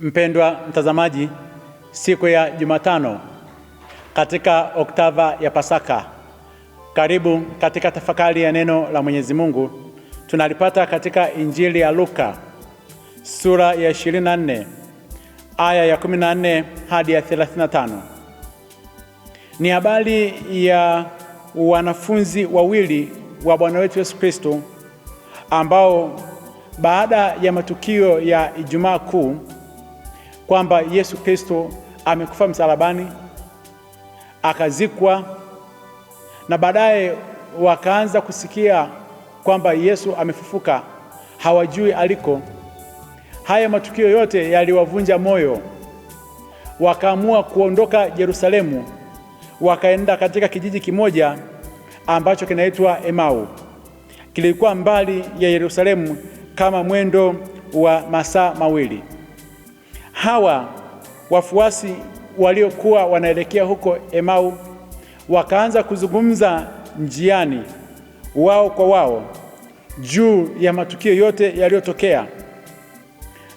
Mpendwa mtazamaji, siku ya Jumatano katika oktava ya Pasaka, karibu katika tafakari ya neno la Mwenyezi Mungu. Tunalipata katika Injili ya Luka sura ya 24 aya ya 14 hadi ya 35. Ni habari ya wanafunzi wawili wa Bwana wetu Yesu Kristo ambao baada ya matukio ya Ijumaa Kuu kwamba Yesu Kristo amekufa msalabani, akazikwa, na baadaye wakaanza kusikia kwamba Yesu amefufuka, hawajui aliko. Haya matukio yote yaliwavunja moyo, wakaamua kuondoka Yerusalemu, wakaenda katika kijiji kimoja ambacho kinaitwa Emau. Kilikuwa mbali ya Yerusalemu kama mwendo wa masaa mawili. Hawa wafuasi waliokuwa wanaelekea huko Emau wakaanza kuzungumza njiani, wao kwa wao, juu ya matukio yote yaliyotokea.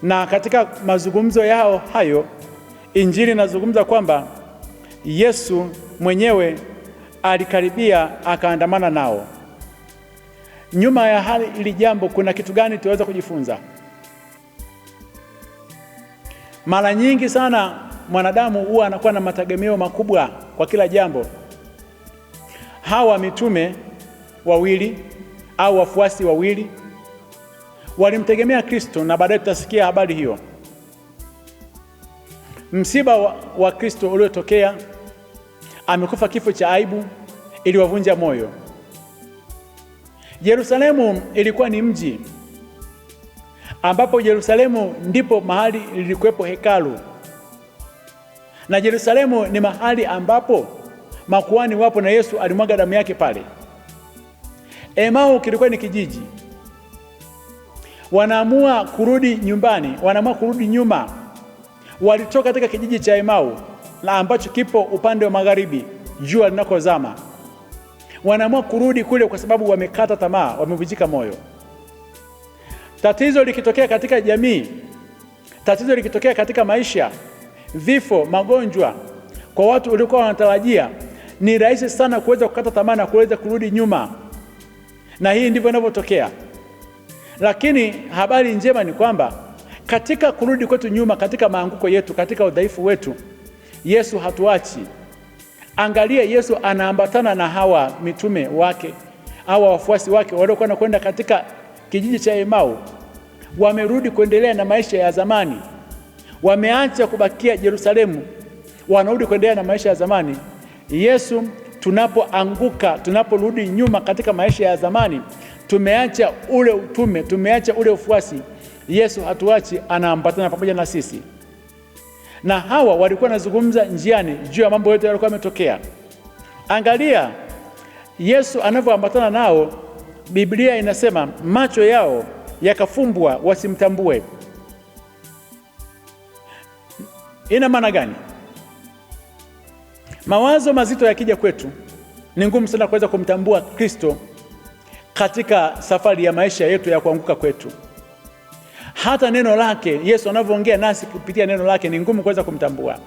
Na katika mazungumzo yao hayo, Injili inazungumza kwamba Yesu mwenyewe alikaribia akaandamana nao. Nyuma ya hali ili jambo kuna kitu gani tunaweza kujifunza? Mara nyingi sana mwanadamu huwa anakuwa na mategemeo makubwa kwa kila jambo. Hawa mitume wawili au wafuasi wawili walimtegemea Kristo na baadaye tutasikia habari hiyo. Msiba wa, wa Kristo uliotokea, amekufa kifo cha aibu, iliwavunja moyo. Yerusalemu ilikuwa ni mji ambapo Yerusalemu ndipo mahali lilikuwepo hekalu, na Yerusalemu ni mahali ambapo makuhani wapo na Yesu alimwaga damu yake pale. Emau kilikuwa ni kijiji. Wanaamua kurudi nyumbani, wanaamua kurudi nyuma. Walitoka katika kijiji cha Emau na ambacho kipo upande wa magharibi, jua linakozama. Wanaamua kurudi kule kwa sababu wamekata tamaa, wamevunjika moyo. Tatizo likitokea katika jamii, tatizo likitokea katika maisha, vifo, magonjwa, kwa watu uliokuwa wanatarajia, ni rahisi sana kuweza kukata tamaa na kuweza kurudi nyuma, na hii ndivyo inavyotokea. Lakini habari njema ni kwamba katika kurudi kwetu nyuma, katika maanguko yetu, katika udhaifu wetu, Yesu hatuachi. Angalia, Yesu anaambatana na hawa mitume wake, hawa wafuasi wake waliokuwa wanakwenda katika kijiji cha Emau wamerudi kuendelea na maisha ya zamani, wameacha kubakia Yerusalemu, wanarudi kuendelea na maisha ya zamani. Yesu, tunapoanguka tunaporudi nyuma katika maisha ya zamani, tumeacha ule utume, tumeacha ule ufuasi, Yesu hatuachi, anaambatana pamoja na sisi. Na hawa walikuwa wanazungumza njiani juu ya mambo yote yalikuwa yametokea. Angalia Yesu anavyoambatana nao Biblia inasema macho yao yakafumbwa wasimtambue. Ina maana gani? Mawazo mazito yakija kwetu, ni ngumu sana kuweza kumtambua Kristo katika safari ya maisha yetu ya kuanguka kwetu. Hata neno lake Yesu anavyoongea nasi kupitia neno lake ni ngumu kuweza kumtambua,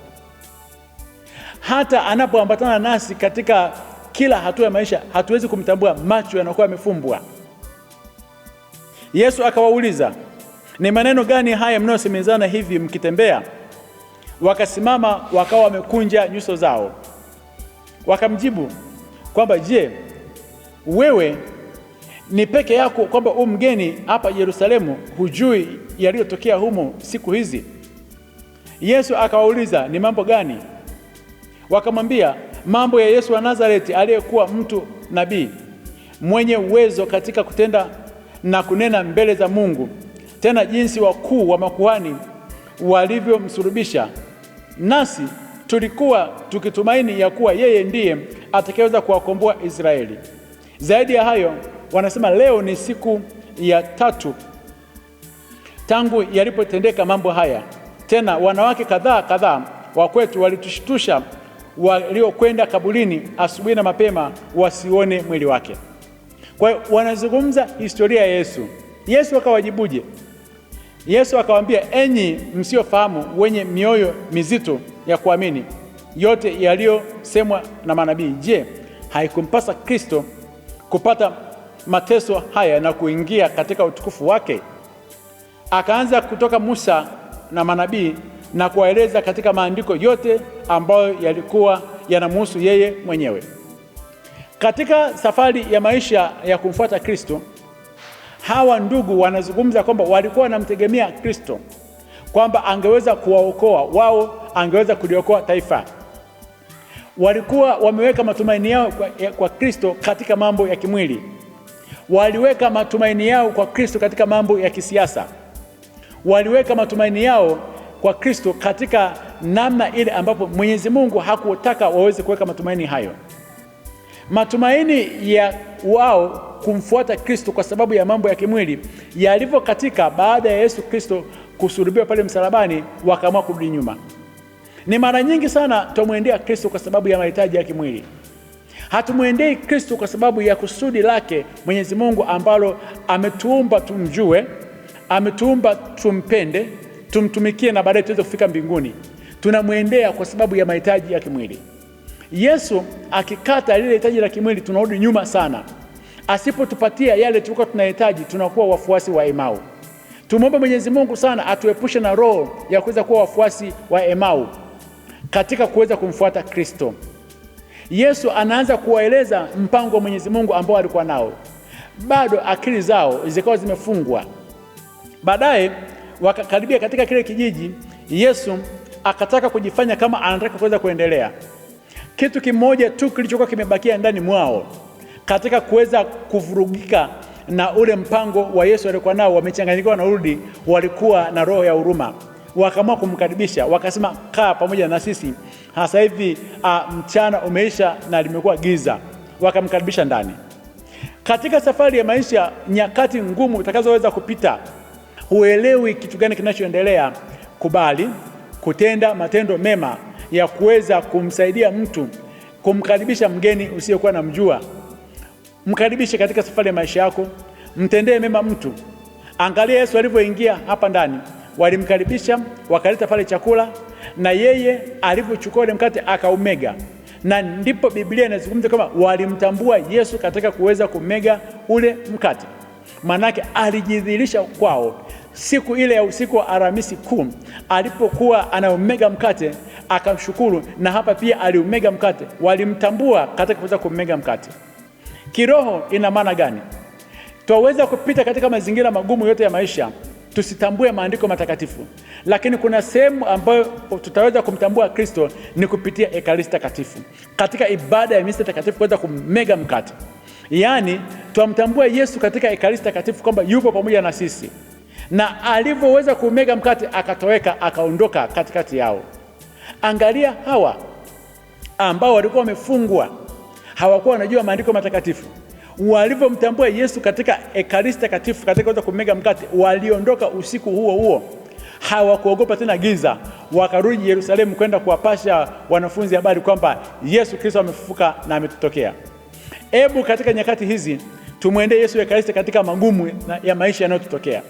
hata anapoambatana nasi katika kila hatua ya maisha hatuwezi kumtambua, macho yanakuwa yamefumbwa. Yesu akawauliza, ni maneno gani haya mnayosemezana hivi mkitembea? Wakasimama wakawa wamekunja nyuso zao. Wakamjibu kwamba je, wewe ni peke yako kwamba u mgeni hapa Yerusalemu hujui yaliyotokea humo siku hizi? Yesu akawauliza, ni mambo gani? Wakamwambia mambo ya Yesu wa Nazareti aliyekuwa mtu nabii mwenye uwezo katika kutenda na kunena mbele za Mungu, tena jinsi wakuu wa makuhani walivyomsulubisha. Nasi tulikuwa tukitumaini ya kuwa yeye ndiye atakayeweza kuwakomboa Israeli. Zaidi ya hayo, wanasema leo ni siku ya tatu tangu yalipotendeka mambo haya. Tena wanawake kadhaa kadhaa wa kwetu walitushtusha waliokwenda kaburini asubuhi na mapema wasione mwili wake. Kwa hiyo wanazungumza historia ya Yesu. Yesu akawajibuje? Yesu akawaambia, enyi msiofahamu, wenye mioyo mizito ya kuamini yote yaliyosemwa na manabii, je, haikumpasa Kristo kupata mateso haya na kuingia katika utukufu wake? Akaanza kutoka Musa na manabii na kuwaeleza katika maandiko yote ambayo yalikuwa yanamhusu yeye mwenyewe. Katika safari ya maisha ya kumfuata Kristo, hawa ndugu wanazungumza kwamba walikuwa wanamtegemea Kristo kwamba angeweza kuwaokoa wao, angeweza kuliokoa taifa. Walikuwa wameweka matumaini yao kwa, ya, kwa Kristo katika mambo ya kimwili, waliweka matumaini yao kwa Kristo katika mambo ya kisiasa, waliweka matumaini yao kwa Kristo katika namna ile ambapo Mwenyezi Mungu hakutaka waweze kuweka matumaini hayo. Matumaini ya wao kumfuata Kristo kwa sababu ya mambo ya kimwili yalivyo katika baada ya Yesu Kristo kusulubiwa pale msalabani, wakaamua kurudi nyuma. Ni mara nyingi sana twamwendea Kristo kwa sababu ya mahitaji ya kimwili. Hatumwendei Kristo kwa sababu ya kusudi lake Mwenyezi Mungu ambalo ametuumba tumjue, ametuumba tumpende tumtumikie na baadaye tuweze kufika mbinguni. Tunamwendea kwa sababu ya mahitaji ya kimwili. Yesu akikata lile hitaji la kimwili, tunarudi nyuma sana. Asipotupatia yale tulikuwa tunahitaji, tunakuwa wafuasi wa Emau. Tumwombe Mwenyezi Mungu sana atuepushe na roho ya kuweza kuwa wafuasi wa Emau katika kuweza kumfuata Kristo. Yesu anaanza kuwaeleza mpango wa Mwenyezi Mungu ambao alikuwa nao, bado akili zao zikawa zimefungwa. Baadaye wakakaribia katika kile kijiji, Yesu akataka kujifanya kama anataka kuweza kuendelea. Kitu kimoja tu kilichokuwa kimebakia ndani mwao katika kuweza kuvurugika na ule mpango wa Yesu aliokuwa nao, wamechanganyikiwa na urudi, walikuwa na roho ya huruma, wakaamua kumkaribisha, wakasema kaa pamoja na sisi hasa hivi, a, mchana umeisha na limekuwa giza, wakamkaribisha ndani. Katika safari ya maisha, nyakati ngumu utakazoweza kupita huelewi kitu gani kinachoendelea, kubali kutenda matendo mema ya kuweza kumsaidia mtu, kumkaribisha mgeni usiyokuwa na mjua Mkaribishe katika safari ya maisha yako, mtendee mema mtu. Angalia Yesu alivyoingia hapa ndani, walimkaribisha wakaleta pale chakula, na yeye alivyochukua ile mkate akaumega, na ndipo Biblia inazungumza kama walimtambua Yesu katika kuweza kumega ule mkate, maanake alijidhihirisha kwao siku ile ya usiku wa Alhamisi Kuu alipokuwa anaumega mkate akamshukuru, na hapa pia aliumega mkate, walimtambua katika kuweza kumega mkate. Kiroho ina maana gani? Twaweza kupita katika mazingira magumu yote ya maisha tusitambue maandiko matakatifu, lakini kuna sehemu ambayo tutaweza kumtambua Kristo ni kupitia Ekaristi Takatifu, katika ibada ya misa takatifu, kuweza kumega mkate. Yaani twamtambue Yesu katika Ekaristi Takatifu kwamba yupo pamoja na sisi na alivyoweza kumega mkate akatoweka, akaondoka katikati yao. Angalia hawa ambao walikuwa wamefungwa, hawakuwa wanajua maandiko matakatifu walivyomtambua Yesu katika Ekaristi Takatifu, katika kuweza kumega mkate, waliondoka usiku huo huo, hawakuogopa tena giza, wakarudi Yerusalemu kwenda kuwapasha wanafunzi habari kwamba Yesu Kristo amefufuka na ametutokea. Hebu katika nyakati hizi tumwendee Yesu Ekaristi katika magumu ya maisha yanayotutokea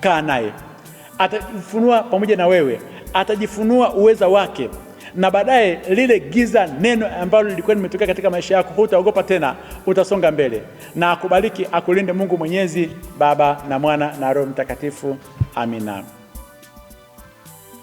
kaa naye, atajifunua pamoja na wewe, atajifunua uweza wake, na baadaye lile giza neno ambalo lilikuwa limetokea katika maisha yako hutaogopa tena, utasonga mbele. Na akubariki akulinde Mungu Mwenyezi, Baba na Mwana na Roho Mtakatifu. Amina.